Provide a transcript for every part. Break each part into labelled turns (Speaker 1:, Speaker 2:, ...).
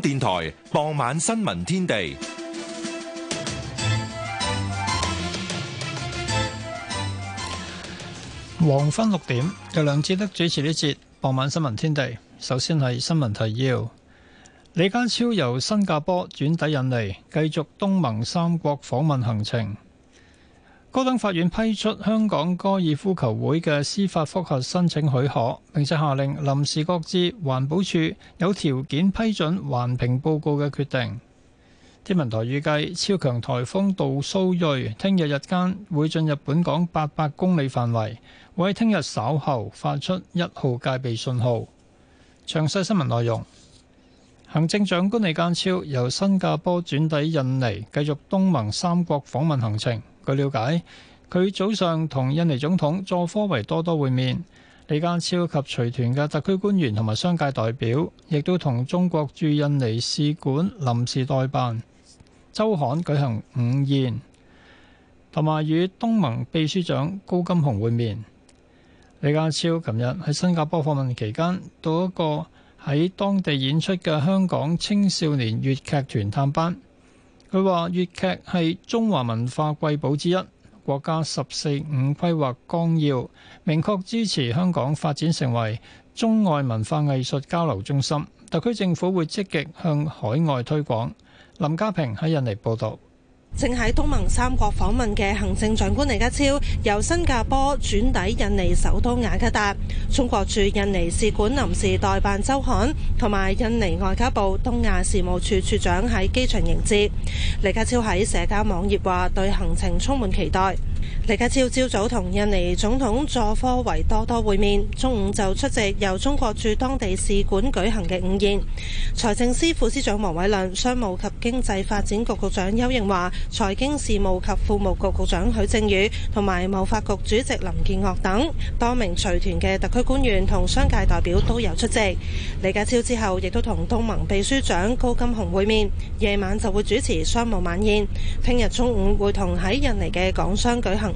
Speaker 1: 電台傍晚
Speaker 2: 新聞天地，黃昏六點由梁志德主持呢節傍晚新聞天地。首先係新聞提要：李家超由新加坡轉抵印尼，繼續東盟三國訪問行程。高等法院批出香港高爾夫球會嘅司法復核申請許可，並且下令臨時擱置環保署有條件批准環評報告嘅決定。天文台預計超強台風杜蘇芮聽日日間會進入本港八百公里範圍，會喺聽日稍後發出一號戒備信號。詳細新聞內容，行政長官李家超由新加坡轉抵印尼，繼續東盟三國訪問行程。據了解，佢早上同印尼總統佐科維多多會面，李家超及隨團嘅特區官員同埋商界代表，亦都同中國駐印尼使館臨時代辦周刊舉行午宴，同埋與東盟秘書長高金洪會面。李家超琴日喺新加坡訪問期間，到一個喺當地演出嘅香港青少年粵劇團探班。佢話：粵劇係中華文化瑰寶之一，國家十四五規劃綱，綱要明確支持香港發展成為中外文化藝術交流中心。特區政府會積極向海外推廣。林家平喺印尼報道。
Speaker 3: 正喺東盟三國訪問嘅行政長官李家超，由新加坡轉抵印尼首都雅加達。中國駐印尼使館臨時代辦周刊同埋印尼外交部東亞事務處處長喺機場迎接。李家超喺社交網頁話：對行程充滿期待。李家超朝早同印尼總統佐科維多多會面，中午就出席由中國駐當地使館舉行嘅午宴。財政司副司長王偉亮、商務及經濟發展局局長邱應華、財經事務及庫務局局長許正宇同埋貿發局主席林建岳等多名隨團嘅特區官員同商界代表都有出席。李家超之後亦都同東盟秘書長高金洪會面，夜晚就會主持商務晚宴。聽日中午會同喺印尼嘅港商舉行。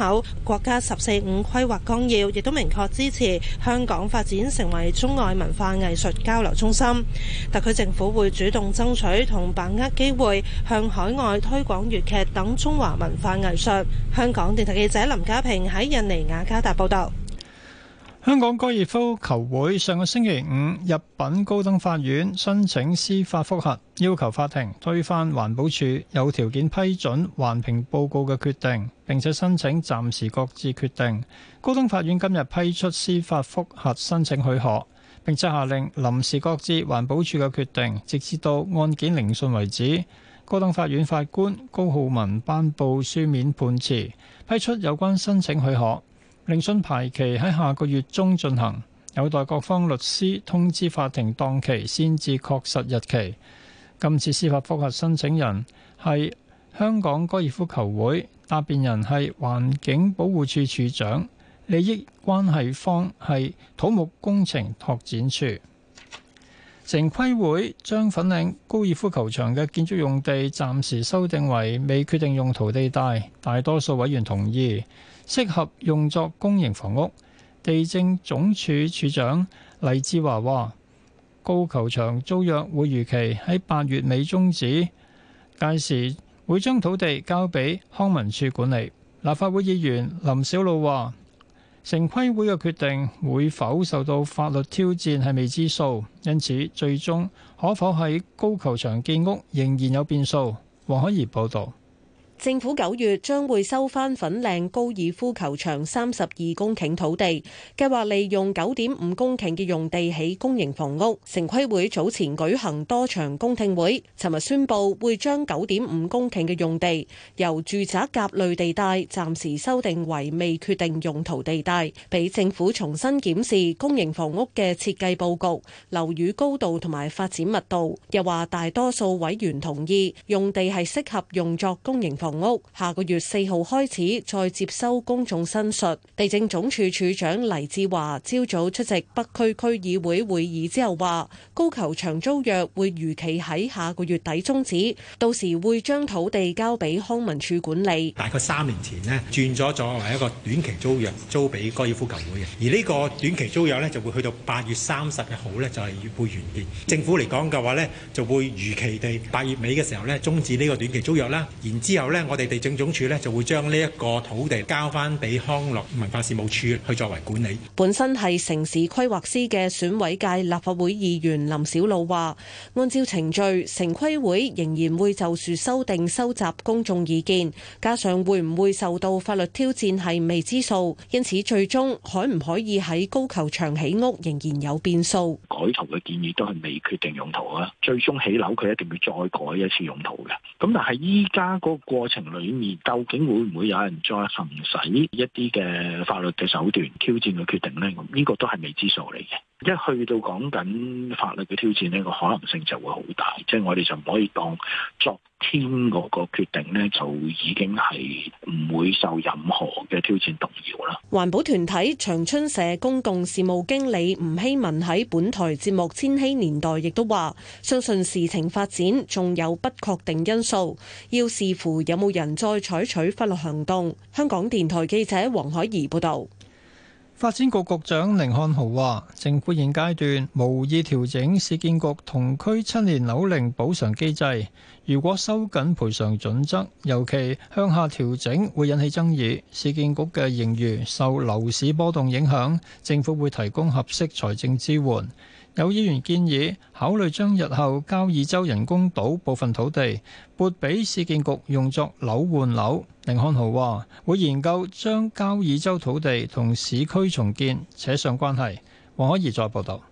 Speaker 3: 口國家十四五規劃綱要亦都明確支持香港發展成為中外文化藝術交流中心，特區政府會主動爭取同把握機會，向海外推廣粵劇等中華文化藝術。香港電台記者林家平喺印尼雅加達報道。
Speaker 2: 香港高爾夫球會上個星期五入稟高等法院申請司法覆核，要求法庭推翻環保署有條件批准環評報告嘅決定，並且申請暫時擱置決定。高等法院今日批出司法覆核申請許可，並且下令臨時擱置環保署嘅決定，直至到案件聆訊為止。高等法院法官高浩文頒布書面判詞，批出有關申請許可。聆訊排期喺下個月中進行，有待各方律師通知法庭檔期，先至確實日期。今次司法複核申請人係香港高爾夫球會，答辯人係環境保護署署長，利益關係方係土木工程拓展處。城規會將粉嶺高爾夫球場嘅建築用地暫時修訂為未決定用途地帶，大多數委員同意。適合用作公營房屋，地政總署署長黎志華話：高球場租約會如期喺八月尾終止，屆時會將土地交俾康文署管理。立法會議員林小露話：城規會嘅決定會否受到法律挑戰係未知數，因此最終可否喺高球場建屋仍然有變數。黃海兒報導。
Speaker 4: 政府九月將會收翻粉嶺高爾夫球場三十二公頃土地，計劃利用九點五公頃嘅用地起公營房屋。城規會早前舉行多場公聽會，尋日宣布會將九點五公頃嘅用地由住宅甲類地帶暫時修訂為未決定用途地帶，俾政府重新檢視公營房屋嘅設計佈局、樓宇高度同埋發展密度。又話大多數委員同意用地係適合用作公營房。房屋下個月四號開始再接收公眾申述。地政總署署長黎志華朝早出席北區區議會會議之後話，高球場租約會如期喺下個月底終止，到時會將土地交俾康文署管理。
Speaker 1: 大概三年前呢轉咗作為一個短期租約，租俾高爾夫球會嘅。而呢個短期租約呢就會去到八月三十一號呢就係會完結。政府嚟講嘅話呢就會如期地八月尾嘅時候呢終止呢個短期租約啦。然之後呢。我哋地政總署咧就會將呢一個土地交翻俾康樂文化事務署去作為管理。
Speaker 4: 本身係城市規劃師嘅選委界立法會議員林筱魯話，按照程序，城規會仍然會就住修訂收集公眾意見，加上會唔會受到法律挑戰係未知數，因此最終可唔可以喺高球場起屋仍然有變數。
Speaker 5: 改圖嘅建議都係未決定用途啊，最終起樓佢一定要再改一次用途嘅。咁但係依家個過程裏面，究竟會唔會有人再行使一啲嘅法律嘅手段挑戰個決定咧？咁呢個都係未知數嚟嘅。一去到講緊法律嘅挑戰，呢個可能性就會好大，即係我哋就唔可以當昨天嗰個決定咧，就已經係唔會受任何嘅挑戰動
Speaker 4: 搖啦。環保團體長春社公共事務經理吳希文喺本台節目《千禧年代》亦都話相信事情發展仲有不確定因素，要視乎有冇人再採取法律行動。香港電台記者黃海怡報道。
Speaker 2: 發展局局長寧漢豪話：政府現階段無意調整市建局同區七年樓齡補償機制。如果收緊賠償準則，尤其向下調整，會引起爭議。市建局嘅盈餘受樓市波動影響，政府會提供合適財政支援。有議員建議考慮將日後交椅洲人工島部分土地撥俾市建局用作樓換樓。寧漢豪話會研究將交椅洲土地同市區重建扯上關係。黃可怡再報道。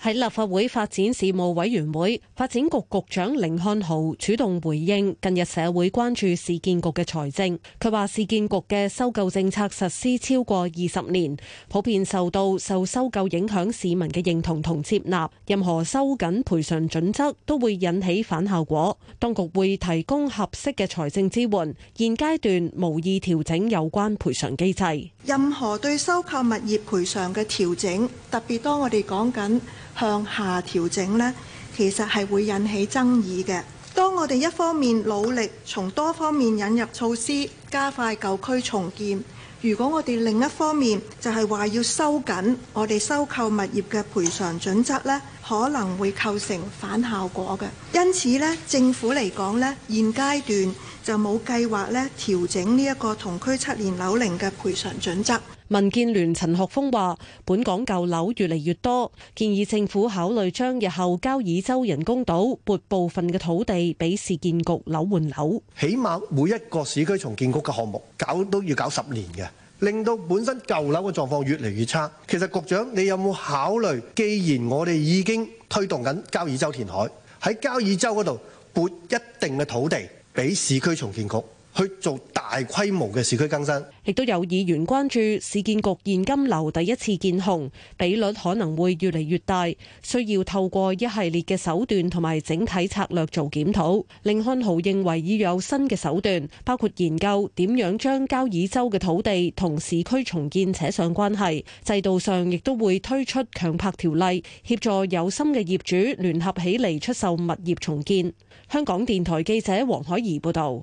Speaker 4: 喺立法會發展事務委員會，發展局局長甯漢豪主動回應近日社會關注市建局嘅財政。佢話：市建局嘅收購政策實施超過二十年，普遍受到受收購影響市民嘅認同同接納。任何收緊賠償準則都會引起反效果。當局會提供合適嘅財政支援，現階段無意調整有關賠償機制。任何對收購物業賠償嘅調整，特別多我哋講緊，向下調整呢，其實係會引起爭議嘅。當我哋一方面努力從多方面引入措施，加快舊區重建；如果我哋另一方面就係話要收緊我哋收購物業嘅賠償準則呢，可能會構成反效果嘅，因此呢，政府嚟講呢，現階段就冇計劃呢調整呢一個同區七年樓齡嘅賠償準則。民建聯陳學鋒話：本港舊樓越嚟越多，建議政府考慮將日後交椅洲人工島撥部分嘅土地俾市建局
Speaker 1: 樓換樓，起碼每一個市區重建局嘅項目搞都要搞十年嘅。令到本身舊樓嘅狀況越嚟越差，其實局長你有冇考慮？既然我哋已經推動緊交椅洲填海，喺交椅洲嗰度撥一定嘅土地俾市區重建局。去做大規模嘅市區更新，
Speaker 4: 亦都有議員關注市建局現金流第一次見紅比率可能會越嚟越大，需要透過一系列嘅手段同埋整體策略做檢討。令漢豪認為已有新嘅手段，包括研究點樣將交椅洲嘅土地同市區重建扯上關係，制度上亦都會推出強拍條例，協助有心嘅業主聯合起嚟出售物業重建。香港電台記者黃海怡報道。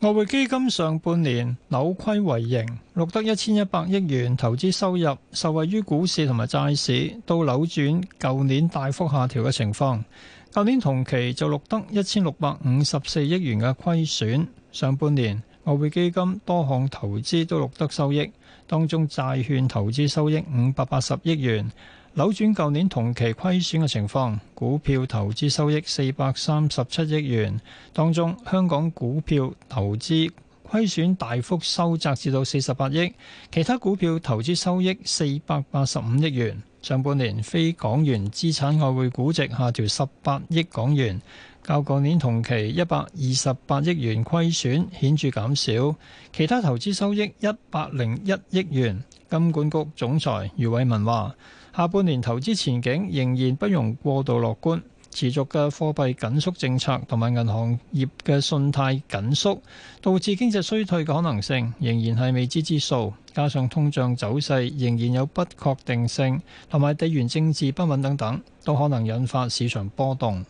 Speaker 2: 外匯基金上半年扭虧為盈，錄得一千一百億元投資收入，受惠於股市同埋債市，到扭轉舊年大幅下調嘅情況。舊年同期就錄得一千六百五十四億元嘅虧損。上半年外匯基金多項投資都錄得收益，當中債券投資收益五百八十億元。扭轉舊年同期虧損嘅情況，股票投資收益四百三十七億元，當中香港股票投資虧損大幅收窄至到四十八億，其他股票投資收益四百八十五億元。上半年非港元資產外匯估值下調十八億港元，較舊年同期一百二十八億元虧損顯著減少，其他投資收益一百零一億元。金管局總裁余偉文話。下半年投資前景仍然不容過度樂觀，持續嘅貨幣緊縮政策同埋銀行業嘅信貸緊縮，導致經濟衰退嘅可能性仍然係未知之數。加上通脹走勢仍然有不確定性，同埋地緣政治不穩等等，都可能引發市場波動。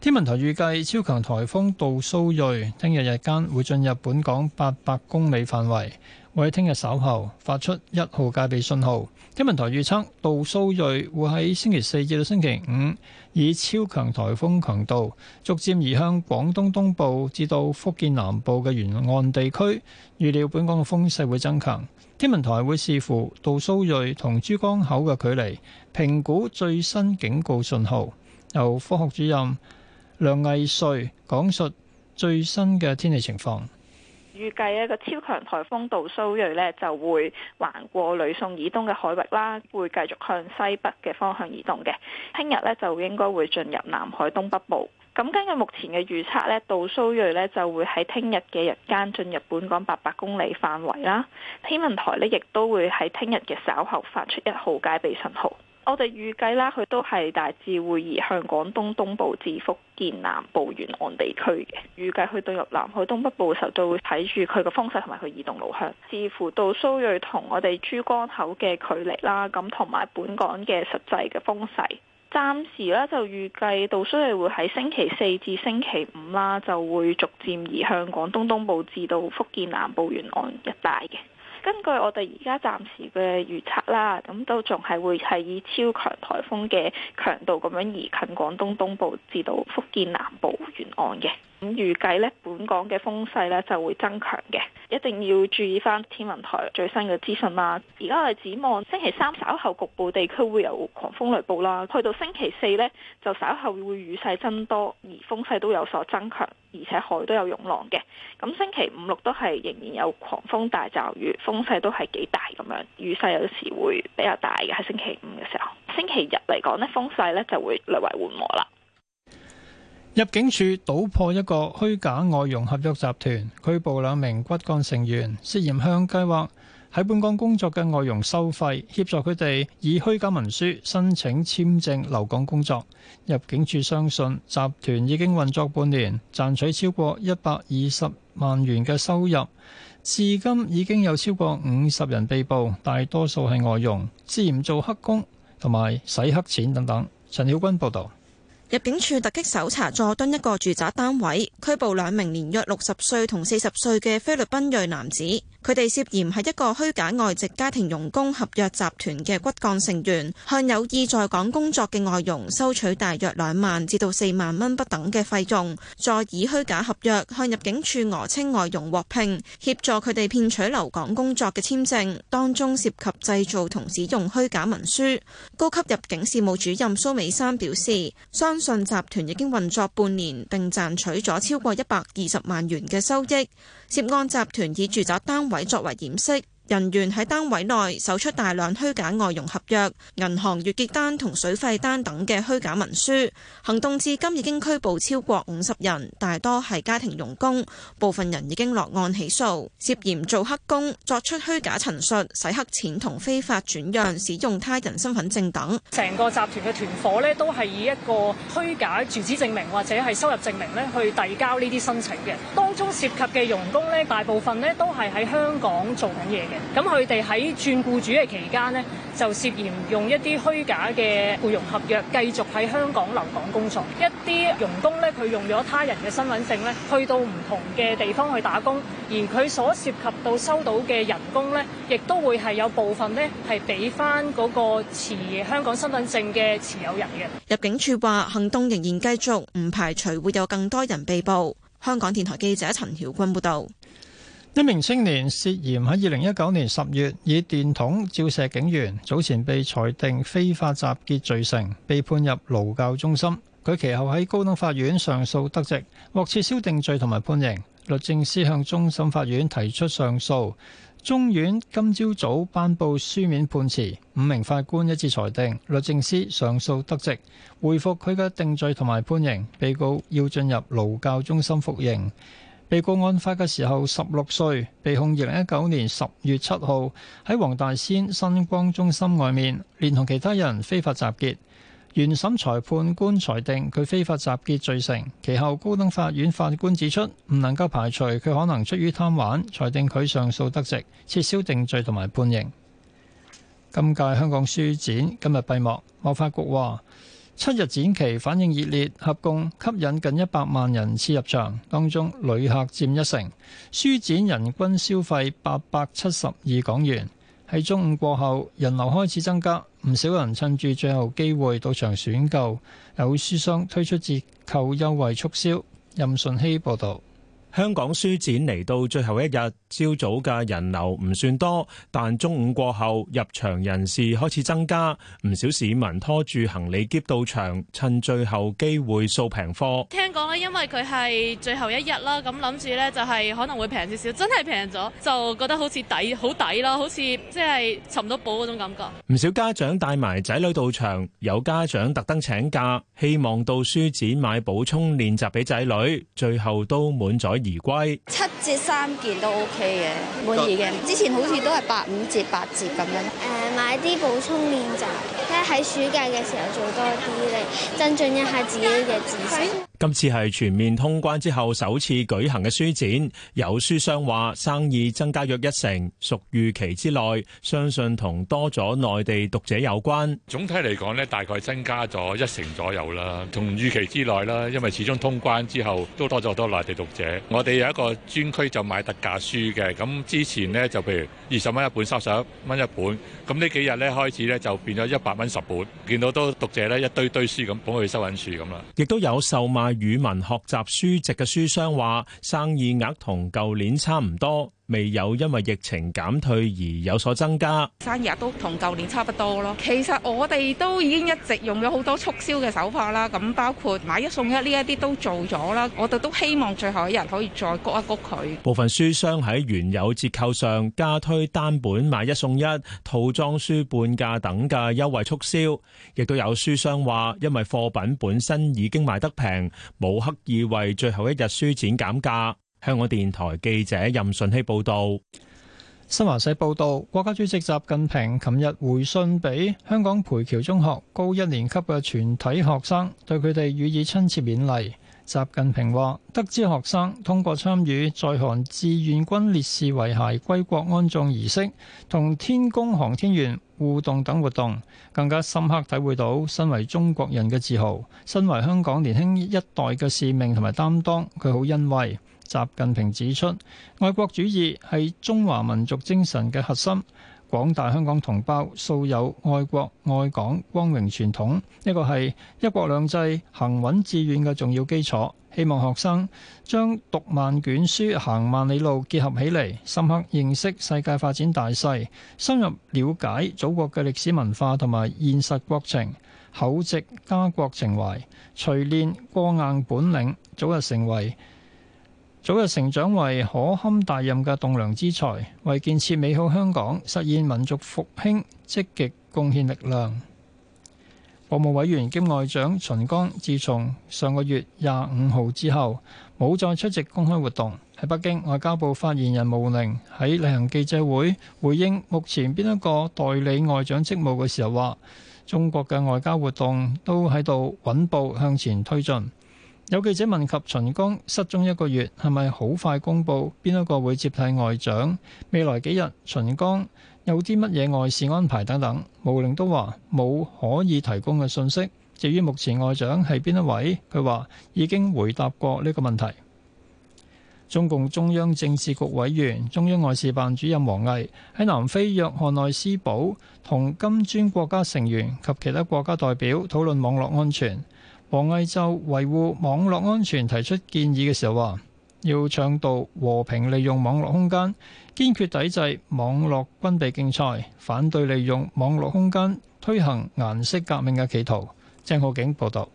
Speaker 2: 天文台預計超強颱風杜蘇芮，聽日日間會進入本港八百公里範圍。會喺聽日稍後發出一號戒備信號。天文台預測杜蘇芮會喺星期四至到星期五以超強颱風強度，逐漸移向廣東東部至到福建南部嘅沿岸地區。預料本港嘅風勢會增強。天文台會視乎杜蘇芮同珠江口嘅距離，評估最新警告信號。由科學主任梁毅瑞講述最新嘅天氣情況。
Speaker 5: 預計一個超強颱風杜蘇瑞咧就會橫過呂宋以東嘅海域啦，會繼續向西北嘅方向移動嘅。聽日咧就應該會進入南海東北部。咁根據目前嘅預測咧，杜蘇瑞咧就會喺聽日嘅日間進入本港八百公里範圍啦。天文台咧亦都會喺聽日嘅稍後發出一號戒備信號。我哋預計啦，佢都係大致會移向廣東東部至福建南部沿岸地區嘅。預計去到入南海東北部嘅時候，就會睇住佢嘅風勢同埋佢移動路向。視乎杜蘇芮同我哋珠江口嘅距離啦，咁同埋本港嘅實際嘅風勢，暫時咧就預計杜蘇芮會喺星期四至星期五啦，就會逐漸移向廣東東部至到福建南部沿岸一帶嘅。根據我哋而家暫時嘅預測啦，咁都仲係會係以超強颱風嘅強度咁樣移近廣東東部至到福建南部沿岸嘅。咁預計呢，本港嘅風勢呢就會增強嘅，一定要注意翻天文台最新嘅資訊啦。而家我哋指望星期三稍後局部地區會有狂風雷暴啦，去到星期四呢，就稍後會雨勢增多而風勢都有所增強。而且海都有湧浪嘅，咁星期五六都係仍然有狂風大驟雨，風勢都係幾大咁樣，雨勢有時會比較大嘅喺星期五嘅時候。星期日嚟講呢，風勢呢就會略為緩和啦。
Speaker 2: 入境處搗破一個虛假外傭合約集團，拘捕兩名骨幹成員，涉嫌向計劃。喺本港工作嘅外傭收費，協助佢哋以虛假文書申請簽證留港工作。入境處相信集團已經運作半年，賺取超過一百二十萬元嘅收入。至今已經有超過五十人被捕，大多數係外傭，自然做黑工同埋洗黑錢等等。陳曉君報道。
Speaker 6: 入境處突擊搜查佐敦一個住宅單位，拘捕兩名年約六十歲同四十歲嘅菲律賓裔男子。佢哋涉嫌係一個虛假外籍家庭傭工合約集團嘅骨幹成員，向有意在港工作嘅外傭收取大約兩萬至到四萬蚊不等嘅費用，再以虛假合約向入境處訛稱外傭獲聘，協助佢哋騙取留港工作嘅簽證，當中涉及製造同使用虛假文書。高級入境事務主任蘇美珊表示，相信集團已經運作半年並賺取咗超過一百二十萬元嘅收益。涉案集團以住宅單位作為掩飾。人員喺單位內搜出大量虛假外傭合約、銀行月結單同水費單等嘅虛假文書。行動至今已經拘捕超過五十人，大多係家庭傭工，部分人已經落案起訴，涉嫌做黑工、作出虛假陳述、洗黑錢同非法轉讓、使用他人身份證等。成個集團嘅團伙咧，都係以一個虛假住址證明或者係收入證明咧去
Speaker 4: 遞交呢啲申請嘅，當中涉及嘅傭工咧，大部分咧都係喺香港做緊嘢嘅。咁佢哋喺轉雇主嘅期間呢，就涉嫌用一啲虛假嘅僱傭合約繼續喺香港留港工作。一啲傭工呢，佢用咗他人嘅身份證呢去到唔同嘅地方去打工，而佢所涉及到收到嘅人工呢，亦都會係有部分呢係俾翻嗰個持香港身份
Speaker 2: 證嘅持有人嘅。入
Speaker 6: 境處話行動仍然繼續，唔排除會有更多人被捕。香港電台記者陳曉君報道。
Speaker 2: 一名青年涉嫌喺二零一九年十月以電筒照射警員，早前被裁定非法集結罪成，被判入勞教中心。佢其後喺高等法院上訴得直，獲撤銷定罪同埋判刑。律政司向終審法院提出上訴，中院今朝早頒布書面判詞，五名法官一致裁定律政司上訴得直，回復佢嘅定罪同埋判刑，被告要進入勞教中心服刑。被告案發嘅時候十六歲，被控二零一九年十月七號喺黃大仙新光中心外面，連同其他人非法集結。原審裁判官裁定佢非法集結罪成，其後高等法院法官指出唔能夠排除佢可能出於貪玩，裁定佢上訴得直，撤銷定罪同埋判刑。今屆香港書展今日閉幕，貿發局話，七日展期反應熱烈，合共吸引近一百萬人次入場，當中旅客佔一成。書展人均消費八百七十二港元。喺中午過後，人流開始增加，唔少人趁住最後機會到場選購，有書商推出折扣優惠促銷。任順希報導。香港書展嚟到最後一日。朝早嘅人流唔
Speaker 1: 算多，但中午過後入場人士開始增加，唔少市民拖住行李篋到場，趁最後機會掃平貨。
Speaker 5: 聽講咧，因為佢係
Speaker 4: 最後一日啦，咁諗住咧就係可能會平少少，真係平咗，就覺得好似抵好抵咯，好似即係尋到寶嗰種感覺。唔
Speaker 1: 少家長帶埋仔女到場，有家長特登請假，希望到書展買補充練習俾仔女，最後都滿載而歸。
Speaker 5: 折三件都 OK 嘅，滿意嘅。之前
Speaker 3: 好似都係八五折、八折咁樣。誒、呃，買啲補充練習，即係喺暑假嘅時候做多啲咧，增進一下自己嘅知識。
Speaker 1: 今次係全面通關之後首次舉行嘅書展，有書商話生意增加約一成，屬預期之內，相信同多咗內地讀者有關。總體嚟講咧，大概增加咗一成左右啦，同預期之內啦，因為始終通關之後都多咗好多內地讀者。我哋有一個專區就買特價書嘅，咁之前咧就譬如二十蚊一本，三十一蚊一本，咁呢幾日咧開始咧就變咗一百蚊十本，見到都讀者咧一堆堆書咁，捧去收銀處咁啦。亦都有售賣。語文學習書籍嘅書商話，生意額同舊年差唔多。未有因為疫情減退而有所增加，
Speaker 5: 生意都同舊年差不多咯。其實我哋都已經一直用咗好多促銷嘅手法啦，咁包括買一送一呢一啲都做咗啦。我哋都希望最後一日可以再谷一谷佢。
Speaker 1: 部分書商喺原有折扣上加推單本買一送一、套裝書半價等嘅優惠促銷，亦都有書商話，因為貨品本身已經賣得平，冇刻意為最後一
Speaker 2: 日書展減價。香港電台記者任順熙報道。新華社報道，國家主席習近平琴日回信俾香港培僑中學高一年級嘅全體學生，對佢哋予以親切勉勵。習近平話，得知學生通過參與在韓志願軍烈士遺骸歸國安葬儀式、同天宮航天員互動等活動，更加深刻體會到身為中國人嘅自豪，身為香港年輕一代嘅使命同埋擔當，佢好欣慰。習近平指出，愛國主義係中華民族精神嘅核心。廣大香港同胞素有愛國愛港光榮傳統，呢個係一國兩制行穩致遠嘅重要基礎。希望學生將讀萬卷書、行萬里路結合起嚟，深刻認識世界發展大勢，深入了解祖國嘅歷史文化同埋現實國情，厚植家國情懷，錘煉過硬本領，早日成為早日成長為可堪大任嘅棟樑之才，為建設美好香港、實現民族復興積極貢獻力量。國務委員兼外長秦剛自從上個月廿五號之後冇再出席公開活動。喺北京，外交部發言人毛寧喺例行記者會回應目前邊一個代理外長職務嘅時候話，中國嘅外交活動都喺度穩步向前推進。有記者問及秦剛失蹤一個月係咪好快公佈邊一個會接替外長？未來幾日秦剛有啲乜嘢外事安排等等，毛寧都話冇可以提供嘅信息。至於目前外長係邊一位，佢話已經回答過呢個問題。中共中央政治局委員、中央外事辦主任王毅喺南非約翰內斯堡同金磚國家成員及其他國家代表討論網絡安全。王毅就維護網絡安全提出建議嘅時候話，要倡導和平利用網絡空間，堅決抵制網絡軍備競賽，反對利用網絡空間推行顏色革命嘅
Speaker 7: 企圖。鄭浩景報道。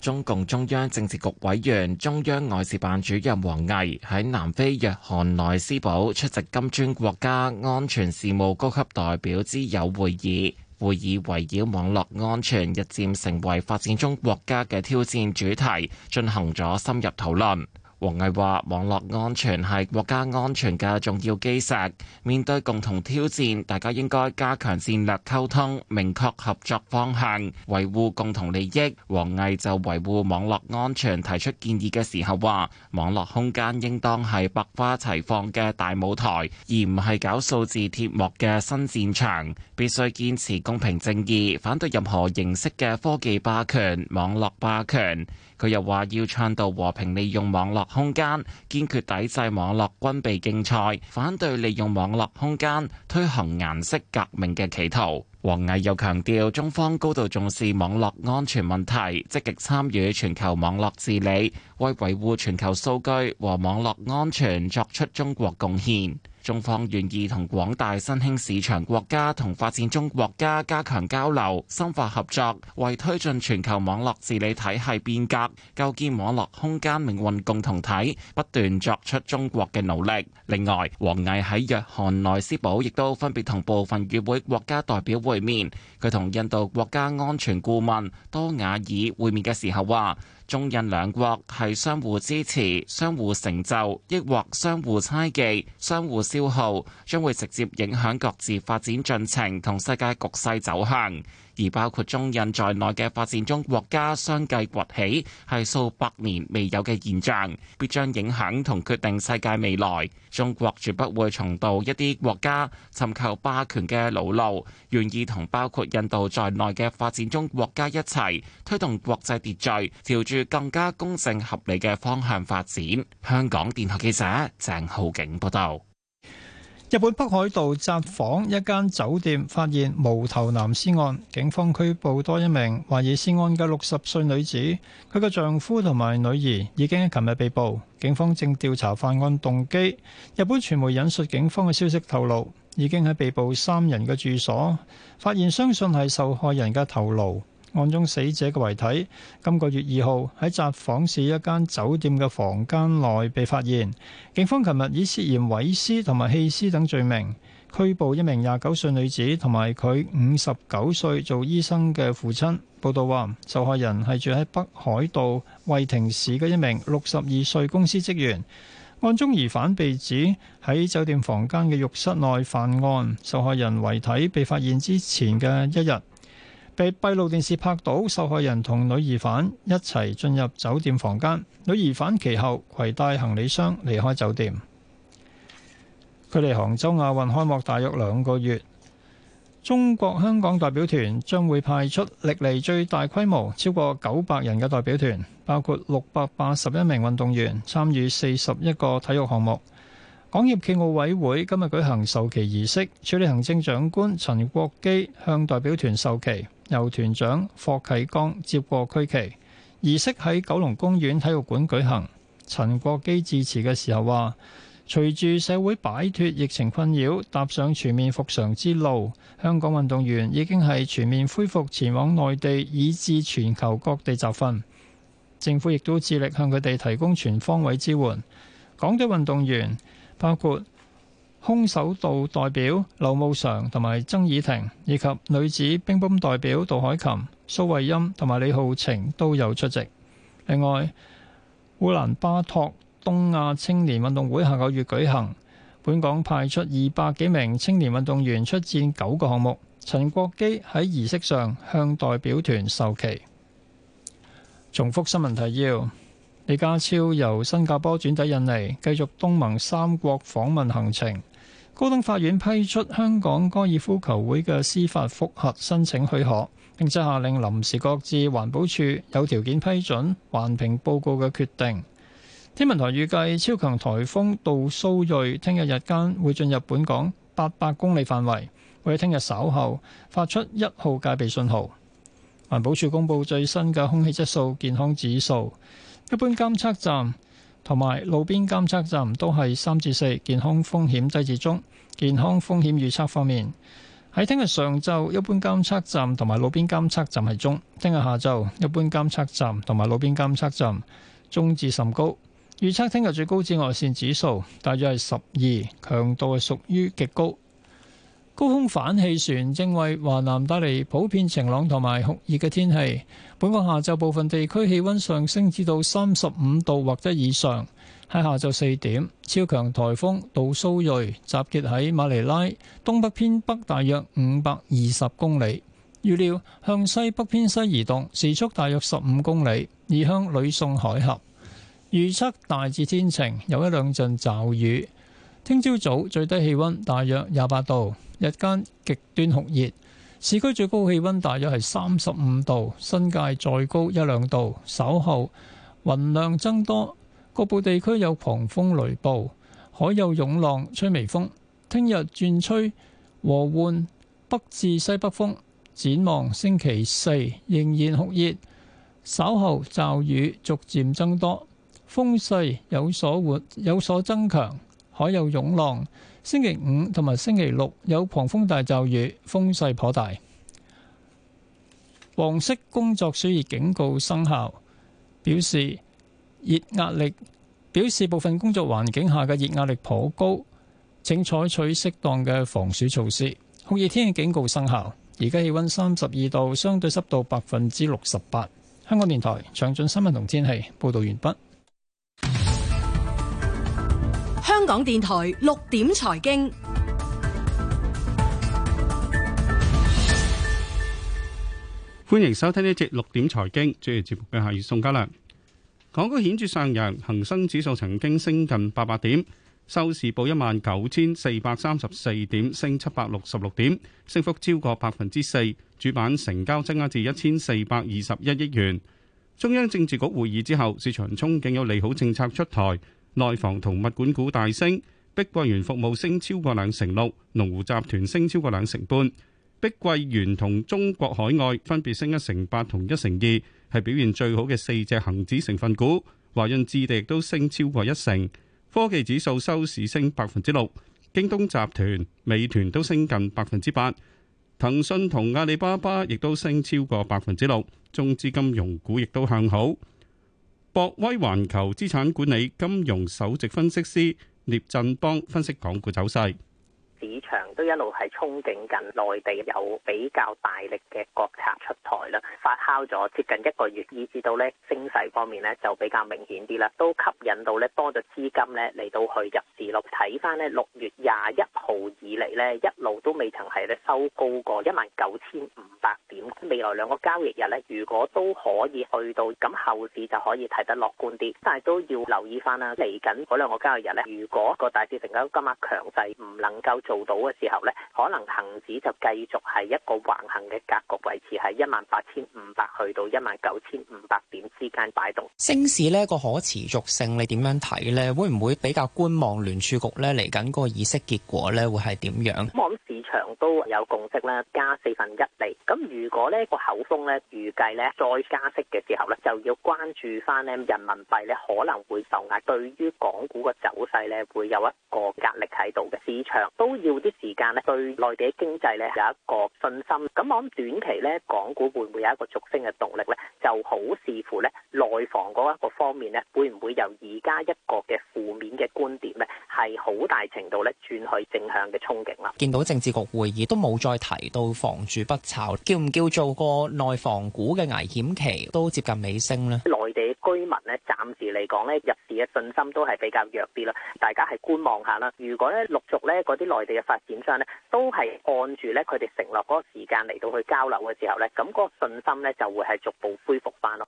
Speaker 7: 中共中央政治局委員、中央外事辦主任王毅喺南非約翰內斯堡出席金磚國家安全事務高級代表之友會議。會議圍繞網絡安全日漸成為發展中國家嘅挑戰主題，進行咗深入討論。王毅話：網絡安全係國家安全嘅重要基石，面對共同挑戰，大家應該加強戰略溝通，明確合作方向，維護共同利益。王毅就維護網絡安全提出建議嘅時候話：網絡空間應當係百花齊放嘅大舞台，而唔係搞數字鐵幕嘅新戰場，必須堅持公平正義，反對任何形式嘅科技霸權、網絡霸權。佢又話要倡導和平利用網絡空間，堅決抵制網絡軍備競賽，反對利用網絡空間推行顏色革命嘅企圖。王毅又強調，中方高度重視網絡安全問題，積極參與全球網絡治理，為維護全球數據和網絡安全作出中國貢獻。中方願意同廣大新興市場國家同發展中國家加強交流、深化合作，為推進全球網絡治理體系變革、構建網絡空間命運共同體，不斷作出中國嘅努力。另外，王毅喺約翰內斯堡亦都分別同部分與會國家代表會面。佢同印度國家安全顧問多瓦爾會面嘅時候話：中印兩國係相互支持、相互成就，抑或相互猜忌、相互消耗，將會直接影響各自發展進程同世界局勢走向。而包括中印在內嘅發展中國家相繼崛起，係數百年未有嘅現象，必將影響同決定世界未來。中國絕不會重蹈一啲國家尋求霸權嘅老路，願意同包括印度在內嘅發展中國家一齊推動國際秩序朝住更加公正合理嘅方向發展。香港電台記者鄭浩景報道。日本北海道
Speaker 2: 札幌一間酒店發現無頭男屍案，警方拘捕多一名懷疑涉案嘅六十歲女子，佢嘅丈夫同埋女兒已經喺琴日被捕，警方正調查犯案動機。日本傳媒引述警方嘅消息透露，已經喺被捕三人嘅住所發現，相信係受害人嘅頭顱。案中死者嘅遺體今個月二號喺札幌市一間酒店嘅房間內被發現，警方琴日以涉嫌毀屍同埋棄屍等罪名拘捕一名廿九歲女子同埋佢五十九歲做醫生嘅父親。報道話，受害人係住喺北海道惠庭市嘅一名六十二歲公司職員。案中疑犯被指喺酒店房間嘅浴室內犯案，受害人遺體被發現之前嘅一日，被閉路電視拍到受害人同女疑犯一齊進入酒店房間，女疑犯其後攜帶行李箱離開酒店。距離杭州亞運開幕大約兩個月，中國香港代表團將會派出歷嚟最大規模，超過九百人嘅代表團，包括六百八十一名運動員參與四十一個體育項目。港協暨奧委會今日舉行授旗儀式，署理行政長官陳國基向代表團授旗。由團長霍啟剛接過區旗，儀式喺九龍公園體育館舉行。陳國基致辭嘅時候話，隨住社會擺脫疫情困擾，踏上全面復常之路，香港運動員已經係全面恢復前往內地，以至全球各地集訓。政府亦都致力向佢哋提供全方位支援。港隊運動員包括。空手道代表劉慕常同埋曾以婷，以及女子乒乓代表杜海琴、蘇慧音同埋李浩晴都有出席。另外，烏蘭巴托東亞青年運動會下個月舉行，本港派出二百幾名青年運動員出戰九個項目。陳國基喺儀式上向代表團授旗。重複新聞提要：李家超由新加坡轉抵印尼，繼續東盟三國訪問行程。高等法院批出香港高爾夫球會嘅司法覆核申請許可，並且下令臨時擱置環保署有條件批准環評報告嘅決定。天文台預計超強颱風杜蘇芮，聽日日間會進入本港八百公里範圍，會喺聽日稍後發出一號戒備信號。環保署公布最新嘅空氣質素健康指數，一般監測站，同埋路邊監測站都係三至四，健康風險低至中。健康風險預測方面，喺聽日上晝一般監測站同埋路邊監測站係中，聽日下晝一般監測站同埋路邊監測站中至甚高。預測聽日最高紫外線指數大約係十二，強度係屬於極高。高空反氣旋正為華南帶嚟普遍晴朗同埋酷熱嘅天氣。本港下晝部分地區氣温上升至到三十五度或者以上。喺下晝四點，超強颱風杜蘇芮，集結喺馬尼拉東北偏北大約五百二十公里，預料向西北偏西移動，時速大約十五公里，移向呂宋海峽。預測大致天晴，有一兩陣驟雨。聽朝早最低氣温大約廿八度。日間極端酷熱，市區最高氣溫大約係三十五度，新界再高一兩度。稍後雲量增多，局部地區有狂風雷暴，海有湧浪，吹微風。聽日轉吹和緩北至西北風。展望星期四仍然酷熱，稍後驟雨逐漸增多，風勢有所活有所增強，海有涌浪。星期五同埋星期六有狂風大驟雨，風勢頗大。黃色工作暑熱警告生效，表示熱壓力表示部分工作環境下嘅熱壓力頗高，請採取適當嘅防暑措施。酷熱天氣警告生效，而家氣溫三十二度，相對濕度百分之六十八。香港電台詳盡新聞同天氣報道完畢。
Speaker 4: 香港電台六點財經，
Speaker 8: 歡迎收聽呢一節六點財經。主要節目嘅係宋家良。港股顯著上揚，恒生指數曾經升近八百點，收市報一萬九千四百三十四點，升七百六十六點，升幅超過百分之四。主板成交增加至一千四百二十一億元。中央政治局會議之後，市場憧憬有利好政策出台。內房同物管股大升，碧桂園服務升超過兩成六、龍湖集團升超過兩成半、碧桂園同中國海外分別升一成八同一成二，係表現最好嘅四隻恒指成分股。華潤置地亦都升超過一成。科技指數收市升百分之六，京東集團、美團都升近百分之八，騰訊同阿里巴巴亦都升超過百分之六，中資金融股亦都向好。博威環球資產管理金融首席分析師聶振邦分析港股走勢，
Speaker 9: 市場都一路係憧憬緊，內地有比較大力嘅國策出台啦，發酵咗接近一個月，以至到咧升勢方面咧就比較明顯啲啦，都吸引到咧多咗資金咧嚟到去入市咯。睇翻咧六月廿一號以嚟咧，一路都未曾係咧收高過一萬九千五百。未來兩個交易日咧，如果都可以去到，咁後市就可以睇得樂觀啲。但係都要留意翻啦，嚟緊嗰兩個交易日咧，如果個大市成交金額強勢唔能夠做到嘅時候咧，可能恒指就繼續係一個橫行嘅格局，維持喺一萬八千五百去到一萬九千五百點之間擺動。
Speaker 10: 升市呢個可持續性你點樣睇咧？會唔會比較觀望聯儲局咧，嚟緊個議息結果咧，會係點樣？
Speaker 9: 場都有共識咧，加四分一厘。咁如果呢個口風呢預計呢再加息嘅時候呢，就要關注翻呢人民幣呢可能會受壓，對於港股嘅走勢呢，會有一個壓力喺度嘅。市場都要啲時間呢對內地嘅經濟呢有一個信心。咁我諗短期呢，港股會唔會有一個續升嘅動力呢？就好視乎咧內房嗰一個方面咧，會唔會由而家一個嘅負面嘅觀點咧，係好大程度咧轉去正向嘅憧憬啦。見
Speaker 7: 到
Speaker 10: 政治局會議都冇再提到房住不炒，叫唔叫做個內房股嘅危險期都接近尾聲咧？
Speaker 9: 內地居民。暫時嚟講咧，入市嘅信心都係比較弱啲啦。大家係觀望下啦。如果咧陸續咧嗰啲內地嘅發展商咧，都係按住咧佢哋承諾嗰個時間嚟到去交流嘅時候咧，咁嗰個信心咧就會係逐步恢復返咯。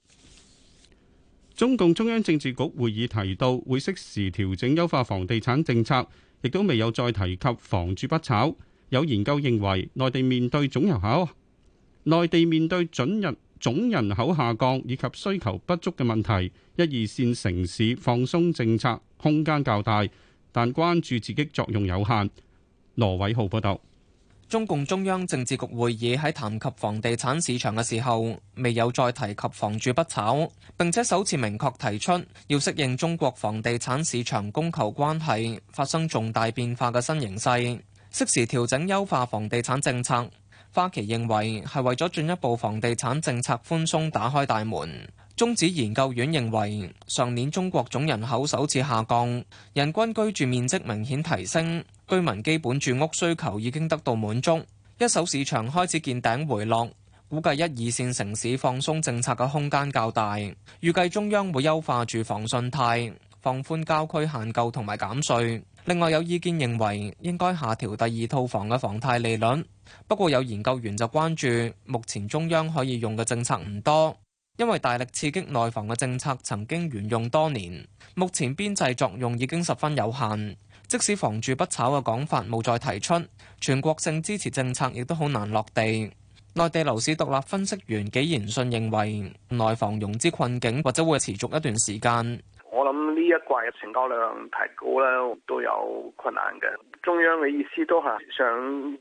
Speaker 8: 中共中央政治局會議提到會適時調整優化房地產政策，亦都未有再提及房住不炒。有研究認為，內地面對總入口，內地面對准入。總人口下降以及需求不足嘅問題，一二線城市放鬆政策，空間較大，但關注刺激作用有限。羅偉浩報道，
Speaker 10: 中共中央政治局會議喺談及房地產市場嘅時候，未有再提及房住不炒，並且首次明確提出要適應中國房地產市場供求關係發生重大變化嘅新形勢，適時調整優化房地產政策。花旗認為係為咗進一步房地產政策寬鬆打開大門。中指研究院認為，上年中國總人口首次下降，人均居住面積明顯提升，居民基本住屋需求已經得到滿足，一手市場開始見頂回落。估計一二線城市放鬆政策嘅空間較大，預計中央會優化住房信貸，放寬郊區限購同埋減稅。另外有意見認為應該下調第二套房嘅房貸利率，不過有研究員就關注目前中央可以用嘅政策唔多，因為大力刺激內房嘅政策曾經沿用多年，目前邊際作用已經十分有限。即使房住不炒嘅講法冇再提出，全國性支持政策亦都好難落地。內地樓市獨立分析員紀賢信認為內房融資困境或者會持續一段時間。
Speaker 9: 我諗呢一季嘅成交量提高咧，都有困難嘅。中央嘅意思都係想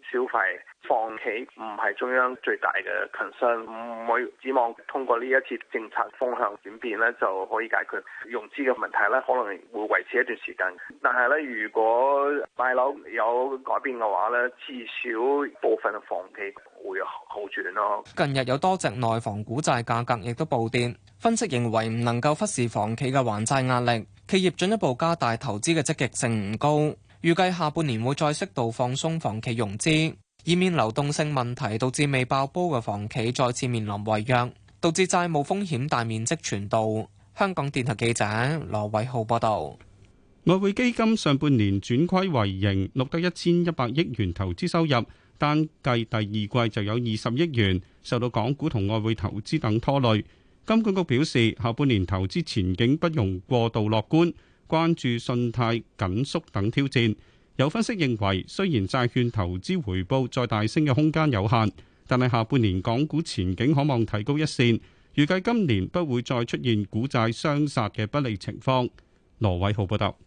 Speaker 9: 消費房企，唔係中央最大嘅群商，唔可以指望通過呢一次政策風向轉變咧就可以解決融資嘅問題咧，可能會維持一段時間。但係咧，如果賣樓有改變嘅話咧，至少部分嘅房企會好轉咯。
Speaker 10: 近日有多隻內房股債價格亦都暴跌。分析認為唔能夠忽視房企嘅還債壓力，企業進一步加大投資嘅積極性唔高。預計下半年會再適度放鬆房企融資，以免流動性問題導致未爆煲嘅房企再次面臨違約，導致債務風險大面積傳導。香港電台記者羅偉浩報道：
Speaker 8: 外匯基金上半年轉虧為盈，錄得一千一百億元投資收入，單計第二季就有二十億元受到港股同外匯投資等拖累。金管局表示，下半年投資前景不容過度樂觀，關注信貸緊縮等挑戰，有分析認為雖然債券投資回報再大升嘅空間有限，但係下半年港股前景可望提高一線，預計今年不會再出現股債雙殺嘅不利情況，羅偉浩報道。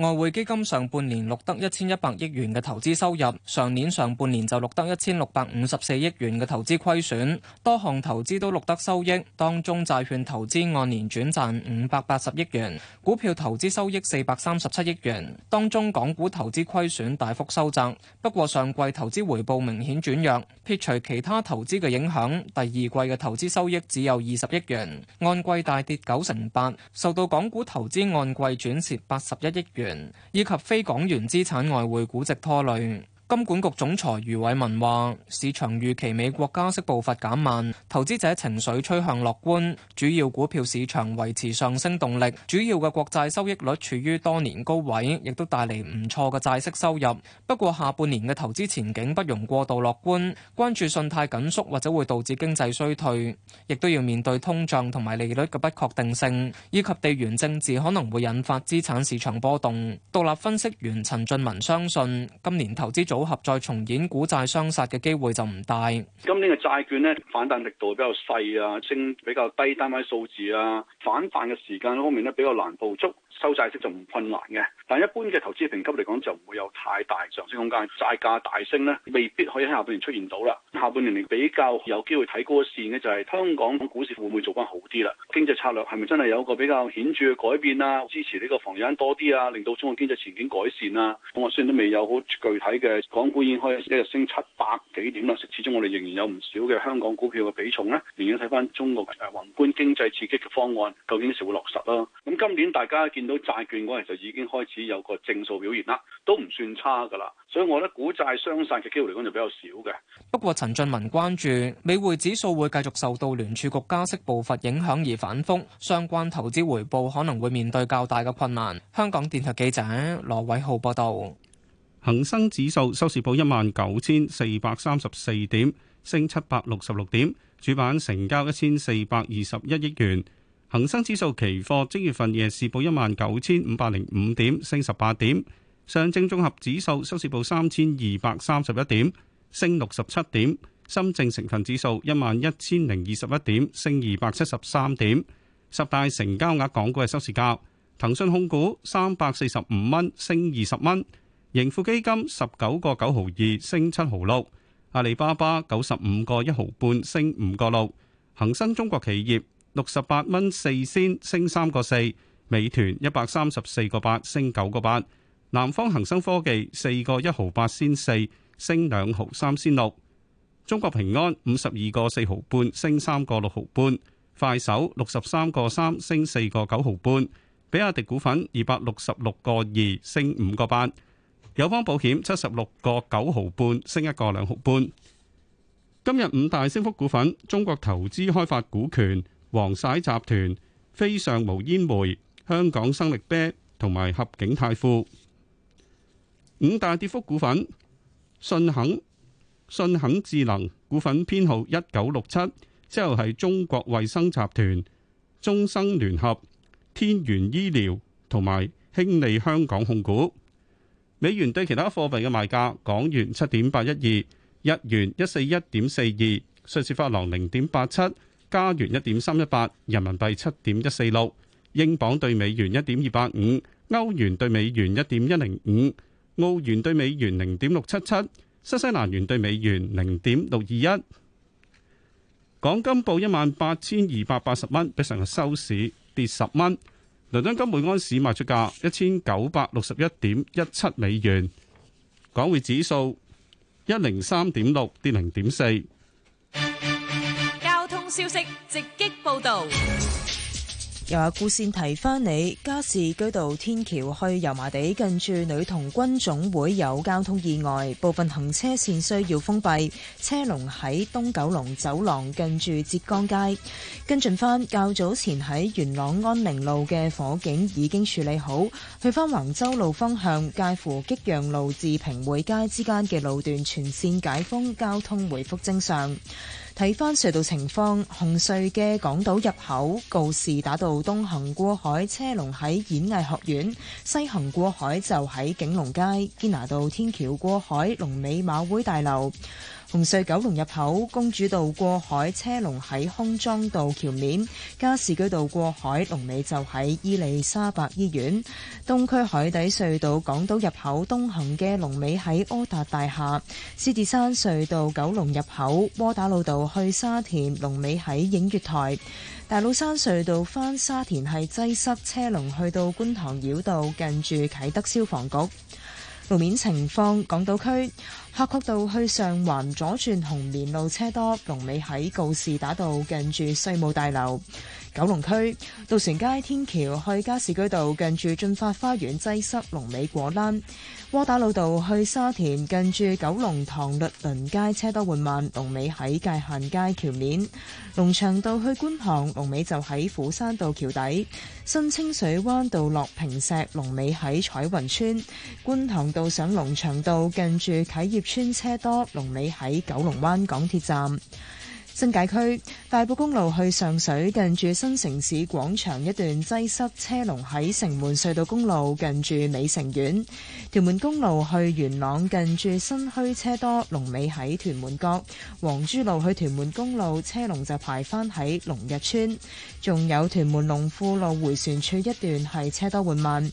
Speaker 10: 外匯基金上半年錄得一千一百億元嘅投資收入，上年上半年就錄得一千六百五十四億元嘅投資虧損，多項投資都錄得收益，當中債券投資按年轉賺五百八十億元，股票投資收益四百三十七億元，當中港股投資虧損大幅收窄，不過上季投資回報明顯轉弱，撇除其他投資嘅影響，第二季嘅投資收益只有二十億元，按季大跌九成八，受到港股投資按季轉蝕八十一億元，以及非港元資產外匯估值拖累。金管局總裁余偉文話：市場預期美國加息步伐減慢，投資者情緒趨向樂觀，主要股票市場維持上升動力。主要嘅國債收益率處於多年高位，亦都帶嚟唔錯嘅債息收入。不過下半年嘅投資前景不容過度樂觀，關注信貸緊縮或者會導致經濟衰退，亦都要面對通脹同埋利率嘅不確定性，以及地緣政治可能會引發資產市場波動。獨立分析員陳俊文相信，今年投資組。組合再重演股債相殺嘅機會就唔大。
Speaker 8: 今年嘅債券咧反彈力度比較細啊，升比較低單位數字啊，反彈嘅時間方面咧比較難捕捉。收債息就唔困難嘅，但一般嘅投資評級嚟講就唔會有太大上升空間。債價大升呢，未必可以喺下半年出現到啦。下半年你比較有機會睇高線嘅就係、是、香港股市會唔會做翻好啲啦？經濟策略係咪真係有個比較顯著嘅改變啊？支持呢個房產多啲啊，令到中國經濟前景改善啊？咁我雖然都未有好具體嘅，港股已經開始一日升七百幾點啦。始終我哋仍然有唔少嘅香港股票嘅比重呢，仍然睇翻中國宏觀經濟刺激嘅方案究竟時會落實咯。咁今年大家見到債券嗰陣就已經開始有個正數表現啦，都唔算差噶啦，所以我覺得股債雙殺嘅機會嚟講就比較少嘅。
Speaker 10: 不過陳俊文關注美匯指數會繼續受到聯儲局加息步伐影響而反覆，相關投資回報可能會面對較大嘅困難。香港電台記者羅偉浩報道，恒生指數收市報一萬九
Speaker 8: 千四百三十四點，升七百六十六點，主板成交一千四百二十一億元。恒生指數期貨即月份夜市報一萬九千五百零五點，升十八點。上證綜合指數收市報三千二百三十一點，升六十七點。深證成分指數一萬一千零二十一點，升二百七十三點。十大成交額港股嘅收市價：騰訊控股三百四十五蚊，升二十蚊；盈富基金十九個九毫二，升七毫六；阿里巴巴九十五個一毫半，升五個六；恒生中國企業。六十八蚊四仙，升三個四；美團一百三十四個八，升九個八；南方恒生科技四個一毫八仙四，升兩毫三仙六；中國平安五十二個四毫半，升三個六毫半；快手六十三個三，升四個九毫半；比亞迪股份二百六十六個二，升五個八；友邦保險七十六個九毫半，升一個兩毫半。今日五大升幅股份：中國投資開發股權。黃璽集團、飛上無煙煤、香港生力啤同埋合景泰富。五大跌幅股份，信懇信懇智能股份編號一九六七，之後係中國衛生集團、中生聯合、天元醫療同埋興利香港控股。美元對其他貨幣嘅賣價，港元七點八一二，日元一四一點四二，瑞士法郎零點八七。加元一點三一八，18, 人民幣七點一四六，英鎊對美元一點二八五，歐元對美元一點一零五，澳元對美元零點六七七，新西蘭元對美元零點六二一。港金報一萬八千二百八十蚊，比上日收市跌十蚊。倫敦金每安士賣出價一千九百六十一點一七美元。港匯指數一零三點六，跌零點四。
Speaker 5: 消息直擊
Speaker 4: 報道，
Speaker 11: 又話孤線提翻你，加士居道天橋去油麻地近住女童軍總會有交通意外，部分行車線需要封閉，車龍喺東九龍走廊近住浙江街。跟進翻較早前喺元朗安寧路嘅火警已經處理好，去翻橫州路方向介乎擊壤路至屏會街之間嘅路段全線解封，交通回復正常。睇翻隧道情況，紅隧嘅港島入口告士打道東行過海車龍喺演藝學院，西行過海就喺景隆街堅拿道天橋過海龍尾馬會大樓。紅隧九龍入口公主道過海車龍喺康莊道橋面，加士居道過海龍尾就喺伊利沙伯醫院。東區海底隧道港島入口東行嘅龍尾喺柯達大廈。獅子山隧道九龍入口窩打老道去沙田龍尾喺映月台。大老山隧道返沙田係擠塞車龍去到觀塘繞道近住啟德消防局。路面情況，港島區夏慤道去上環左轉紅棉路車多，龍尾喺告士打道近住稅務大樓。九龍區渡船街天橋去加士居道近住駿發花園擠塞龍欄，龍尾果欄；窩打老道去沙田近住九龍塘律倫街車多緩慢，龍尾喺界限街橋面；龍翔道去觀塘龍尾就喺虎山道橋底；新清水灣道落坪石龍尾喺彩雲村；觀塘道上龍翔道近住啟業村車多，龍尾喺九龍灣港鐵站。新界區大埔公路去上水近住新城市廣場一段擠塞，車龍喺城門隧道公路近住美城苑，屯門公路去元朗近住新墟車多，龍尾喺屯門角，黃珠路去屯門公路車龍就排翻喺龍日村，仲有屯門龍富路回旋處一段係車多緩慢。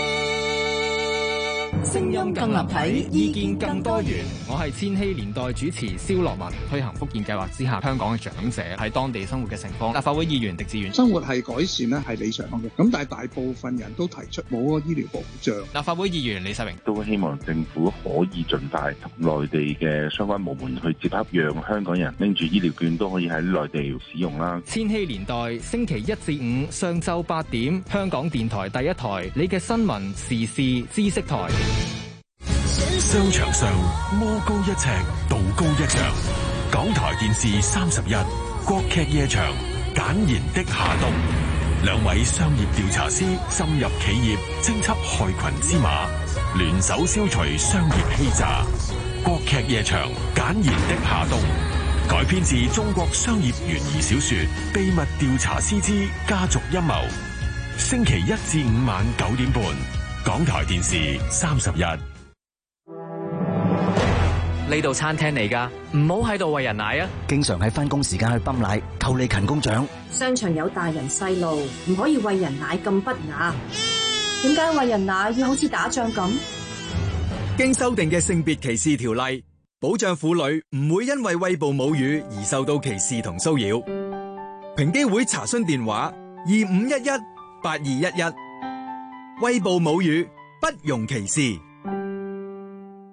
Speaker 7: 聲音更立體，
Speaker 10: 意見更多元。我係千禧年代主持蕭樂文。推行福建計劃之下，香港嘅長者喺當地生活嘅情況。立法會議員狄志遠，生
Speaker 9: 活係改善呢係理想嘅。咁但係大部分人都提出冇個醫療保
Speaker 10: 障。立法會議員李世榮都希望政府可
Speaker 1: 以盡快同內地嘅相關部門去接洽，讓香港人拎住醫療券都
Speaker 8: 可以喺內地使用啦。
Speaker 2: 千禧年代星期一至五上晝八點，香港電台第一台，你嘅新聞時事知識台。
Speaker 1: 商場上魔高一尺，道高一丈。港台電視三十一，國劇夜場，簡言的夏冬。兩位商業調查師深入企業，偵緝害群之馬，聯手消除商業欺詐。國劇夜場，簡言的夏冬改編自中國商業懸疑小說《秘密調查師之家族陰謀》。星期一至五晚九點半。港台電視三十日，
Speaker 10: 呢度餐廳嚟㗎，唔好喺度餵人奶啊！經常喺翻工
Speaker 11: 時間去泵奶，扣你勤工獎。
Speaker 4: 商場有大人細路，唔可以餵人奶咁不雅。點解餵人奶要好似打仗咁？
Speaker 1: 經修訂嘅性別歧視條例，保障婦女唔會因為餵哺母乳而受到歧視同騷擾。平機會查詢電話：二五一一八二一一。威暴母語，不容歧視。